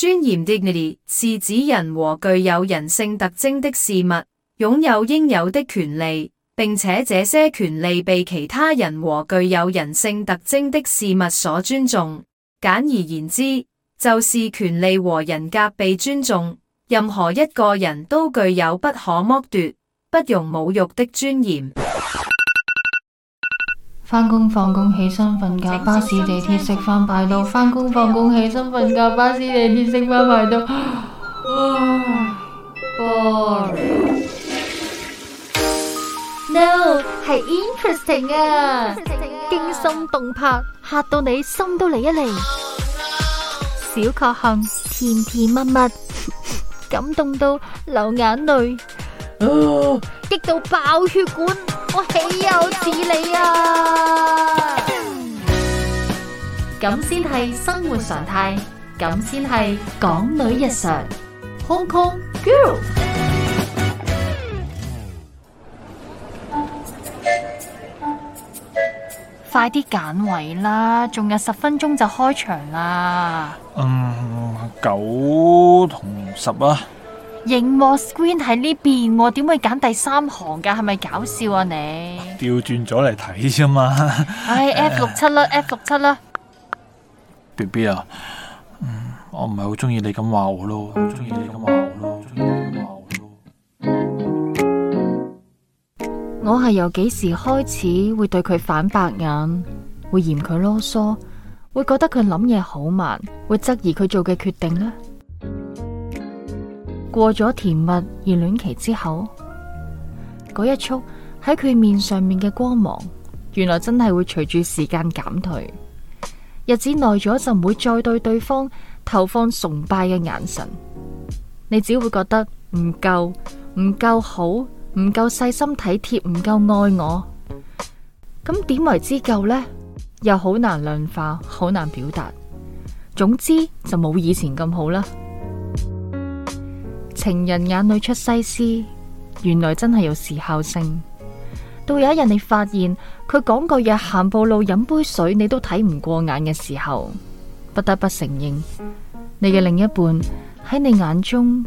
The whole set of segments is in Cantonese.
尊嚴的 dignity 是指人和具有人性特徵的事物擁有應有的權利，並且這些權利被其他人和具有人性特徵的事物所尊重。簡而言之，就是權利和人格被尊重。任何一個人都具有不可剝奪、不容侮辱的尊嚴。翻工放工，起身瞓覺，巴士地鐵食翻排到。翻工放工，起身瞓覺，巴士地鐵食翻排到。哇，boring！No，係 interesting 啊，驚心動魄，嚇到你心都嚟一嚟。小確幸，甜甜蜜蜜，感動到流眼淚，哦，激到爆血管。我豈有此理啊！咁先係生活常態，咁先係港女日常。Hong Kong girl，快啲揀位啦！仲有十分鐘就開場啦。嗯，九同十啊。螢幕 screen 喺呢邊點會揀第三行噶？係咪搞笑啊你？調轉咗嚟睇啫嘛！唉 F 六七啦，F 六七啦，B B 啊，嗯、我唔係好中意你咁話我咯。我中意你咁話我咯。我係由幾時開始會對佢反白眼，會嫌佢囉嗦，會覺得佢諗嘢好慢，會質疑佢做嘅決定呢？過咗甜蜜熱戀期之後，嗰一束喺佢面上面嘅光芒，原來真係會隨住時間減退。日子耐咗就唔會再對對方投放崇拜嘅眼神，你只會覺得唔夠、唔夠好、唔夠細心體貼、唔夠愛我。咁點為之夠呢？又好難量化，好難表達。總之就冇以前咁好啦。情人眼裡出西施，原來真係有時效性。到有一日你發現佢講句嘢、行步路、飲杯水，你都睇唔過眼嘅時候，不得不承認你嘅另一半喺你眼中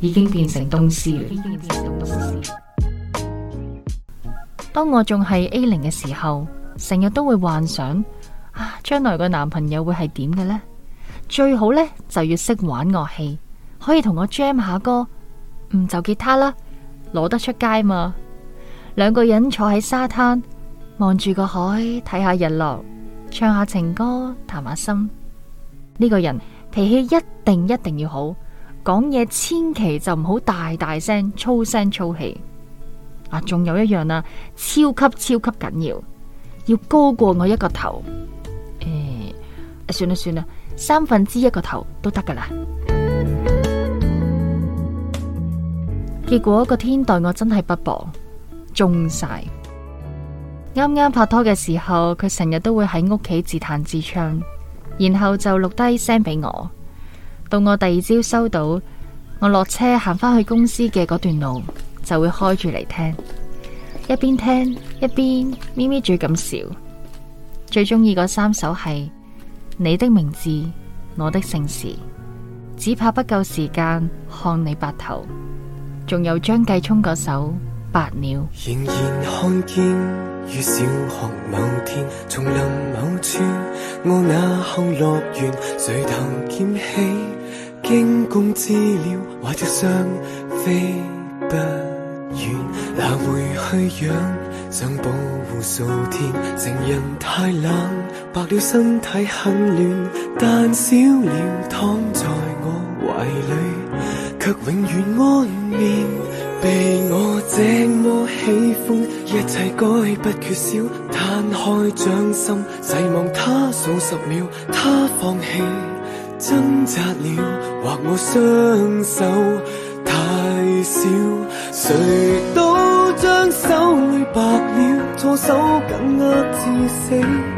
已經變成東施。東施當我仲係 A 零嘅時候，成日都會幻想啊，將來個男朋友會係點嘅呢？最好呢，就要識玩樂器。可以同我 jam 下歌，唔就吉他啦，攞得出街嘛。兩個人坐喺沙灘，望住個海，睇下日落，唱下情歌，談下心。呢個人脾氣一定一定要好，講嘢千祈就唔好大大聲，粗聲粗氣。啊，仲有一樣啦，超級超級緊要，要高過我一個頭。誒，算啦算啦，三分之一個頭都得噶啦。結果個天待我真係不薄，中晒。啱啱拍拖嘅時候，佢成日都會喺屋企自彈自唱，然後就錄低聲俾我。到我第二朝收到，我落車行返去公司嘅嗰段路就會開住嚟聽，一邊聽一邊咪咪住咁笑。最中意嗰三首係你的名字，我的姓氏，只怕不夠時間看你白頭。仲有張繼聰嗰首白《白鳥》，仍然看見於小學某天，叢林某處，我那後樂園，垂頭撿起驚弓之鳥懷著傷飛不遠，拿回去養，想保護數天，成人太冷，白鳥身體很暖，但小鳥躺在我懷裏。卻永遠安眠，被我這麼喜歡，一切該不缺少。攤開掌心，細望他數十秒，他放棄掙扎了，或我雙手太少，誰都將手裏白了，左手緊握至死。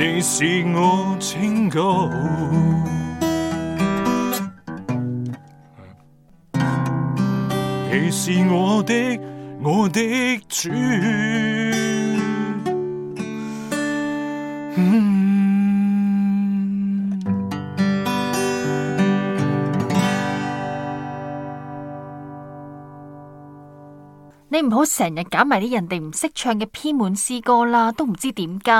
你是我拯救，你是我的，我的主。你唔好成日搞埋啲人哋唔識唱嘅偏門詩歌啦，都唔知點跟。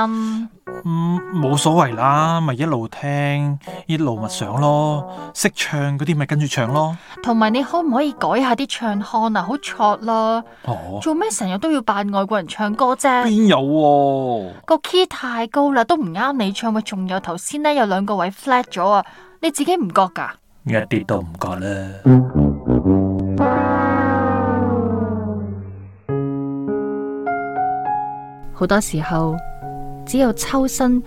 嗯，冇所謂啦，咪一路聽，一路默想咯。識唱嗰啲咪跟住唱咯。同埋你可唔可以改下啲唱腔啊？好 chok 咯。哦。做咩成日都要扮外國人唱歌啫？邊有、啊？個 key 太高啦，都唔啱你唱。咪仲有頭先咧，有兩個位 flat 咗啊！你自己唔覺噶？一啲都唔覺啦。好多時候，只有抽身，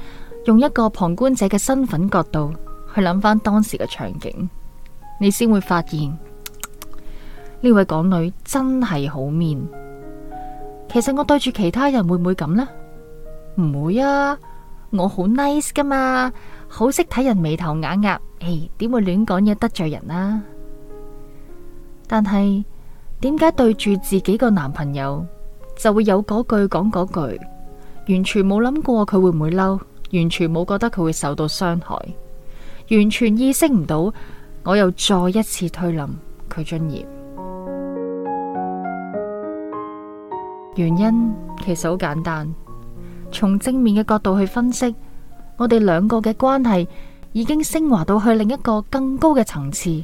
用一個旁觀者嘅身份角度去諗翻當時嘅場景，你先會發現呢位港女真係好面。其實我對住其他人會唔會咁呢？唔會啊，我好 nice 噶嘛，好識睇人眉頭眼額，誒、欸，點會亂講嘢得罪人啊？但係點解對住自己個男朋友？就會有嗰句講嗰句，完全冇諗過佢會唔會嬲，完全冇覺得佢會受到傷害，完全意識唔到我又再一次推冧佢尊嚴。原因其實好簡單，從正面嘅角度去分析，我哋兩個嘅關係已經升華到去另一個更高嘅層次，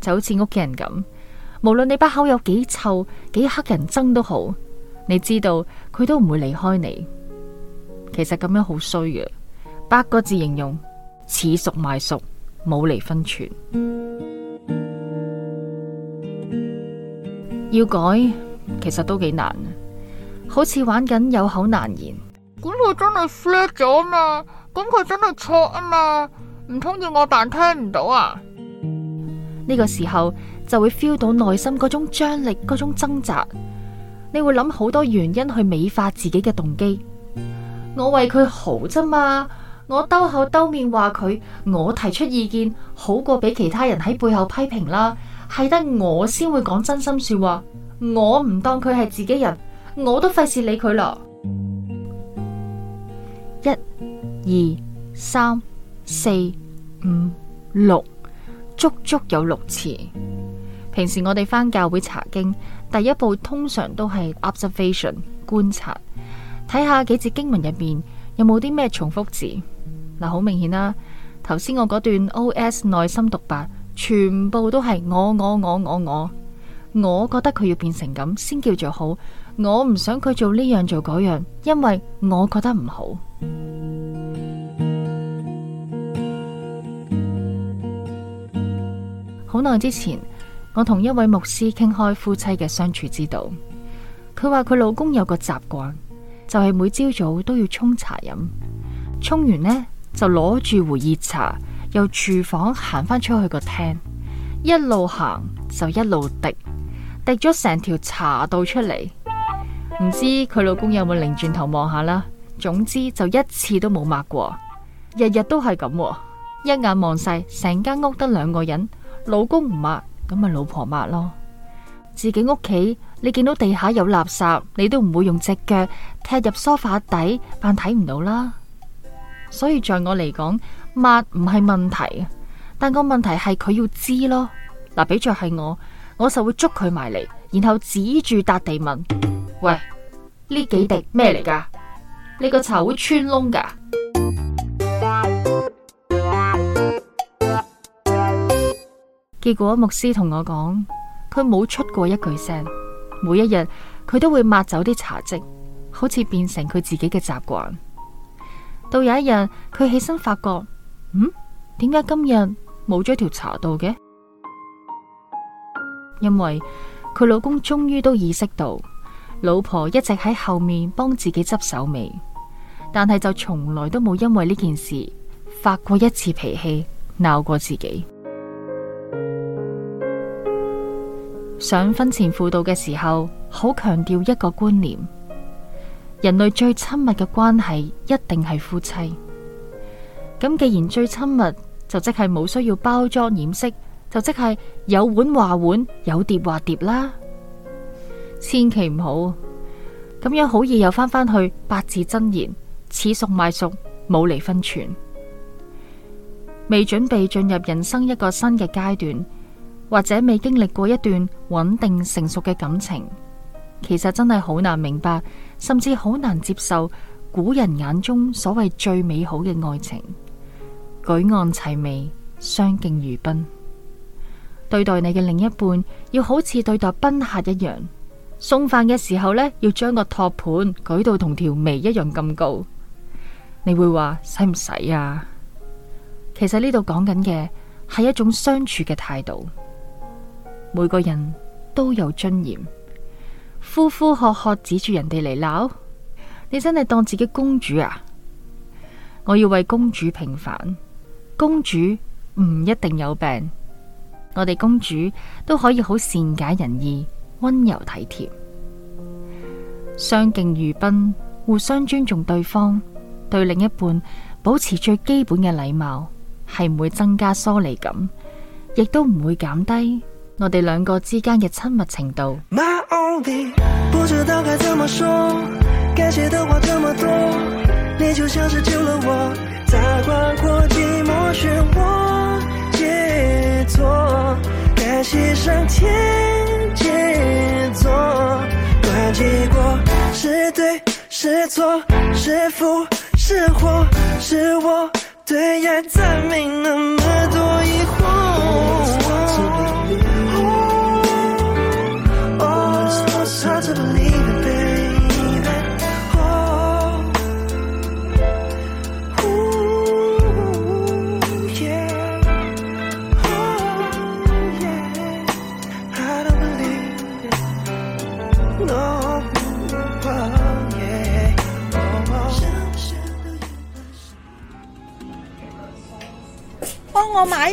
就好似屋企人咁，無論你把口有幾臭、幾黑人憎都好。你知道佢都唔會離開你，其實咁樣好衰嘅。八個字形容恃熟賣熟，冇厘分寸 要改，其實都幾難好似玩緊有口難言。咁佢真係 flat 咗啊嘛？咁佢真係錯啊嘛？唔通要我扮聽唔到啊？呢個時候就會 feel 到內心嗰種張力，嗰種掙扎。你會諗好多原因去美化自己嘅動機。我為佢好啫嘛，我兜口兜面話佢，我提出意見好過俾其他人喺背後批評啦。係得我先會講真心說話，我唔當佢係自己人，我都費事理佢咯。一、二、三、四、五、六，足足有六次。平時我哋返教會查經。第一步通常都係 observation 觀察，睇下幾節經文入面有冇啲咩重複字。嗱、嗯，好明顯啦，頭先我嗰段 OS 內心獨白，全部都係我我我我我，我覺得佢要變成咁先叫做好。我唔想佢做呢樣做嗰樣，因為我覺得唔好。好耐 之前。我同一位牧師傾開夫妻嘅相處之道，佢話佢老公有個習慣，就係、是、每朝早都要沖茶飲，沖完呢就攞住壺熱茶，由廚房行返出去個廳，一路行就一路滴，滴咗成條茶道出嚟。唔知佢老公有冇擰轉頭望下啦，總之就一次都冇抹過，日日都係咁、喎，一眼望晒成間屋得兩個人，老公唔抹。咁咪老婆抹咯，自己屋企你見到地下有垃圾，你都唔會用隻腳踢入梳化底，扮睇唔到啦。所以在我嚟講，抹唔係問題，但個問題係佢要知咯。嗱，比着係我，我就會捉佢埋嚟，然後指住笪地問：喂，呢幾滴咩嚟噶？你個茶會穿窿噶。結果牧師同我講，佢冇出過一句聲，每一日佢都會抹走啲茶漬，好似變成佢自己嘅習慣。到有一日，佢起身發覺，嗯，點解今日冇咗條茶道嘅？因為佢老公終於都意識到，老婆一直喺後面幫自己執手尾，但係就從來都冇因為呢件事發過一次脾氣，鬧過自己。上婚前輔導嘅時候，好強調一個觀念：人類最親密嘅關係一定係夫妻。咁既然最親密，就即係冇需要包裝掩飾，就即係有碗話碗，有碟話碟啦。千祈唔好，咁樣好易又翻返去八字真言，恃熟賣熟，冇離分寸。未準備進入人生一個新嘅階段，或者未經歷過一段穩定成熟嘅感情，其實真係好難明白，甚至好難接受古人眼中所謂最美好嘅愛情。舉案齊眉，相敬如賓，對待你嘅另一半，要好似對待賓客一樣。送飯嘅時候呢，要將個托盤舉到同條眉一樣咁高，你會話使唔使啊？其實呢度講緊嘅係一種相處嘅態度。每個人都有尊嚴，呼呼喝喝指住人哋嚟鬧，你真係當自己公主啊！我要為公主平反，公主唔一定有病，我哋公主都可以好善解人意、溫柔體貼、相敬如賓，互相尊重對方，對另一半保持最基本嘅禮貌。係唔會增加疏離感，亦都唔會減低我哋兩個之間嘅親密程度。對愛再沒那麼多疑惑。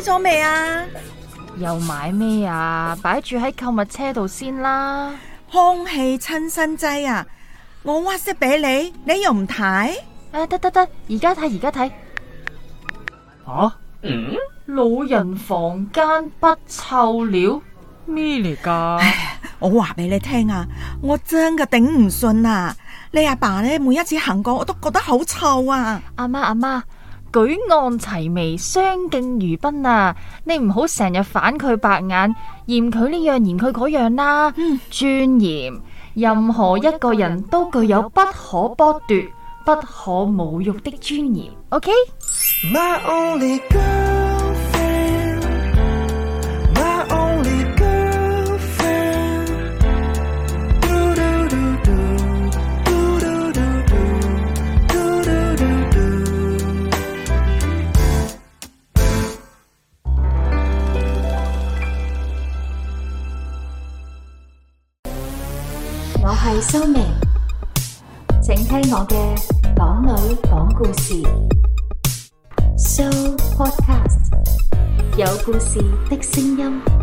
咗未啊？買又買咩啊？擺住喺購物車度先啦。空氣清新劑啊！我 WhatsApp 俾你，你又唔睇？誒、啊，得得得，而家睇，而家睇。吓、啊？嗯？老人房間不臭了咩嚟㗎？我話俾你聽啊，我真嘅頂唔順啊！你阿爸咧每一次行過，我都覺得好臭啊！阿媽、啊，阿、啊、媽。舉案齊眉，相敬如賓啊！你唔好成日反佢白眼，嫌佢呢樣嫌佢嗰樣啦。 尊嚴，任何一個人都具有不可剝奪、不可侮辱的尊嚴。OK？My only girl 蘇媚，請聽我嘅港女講故事，Show Podcast，有故事的聲音。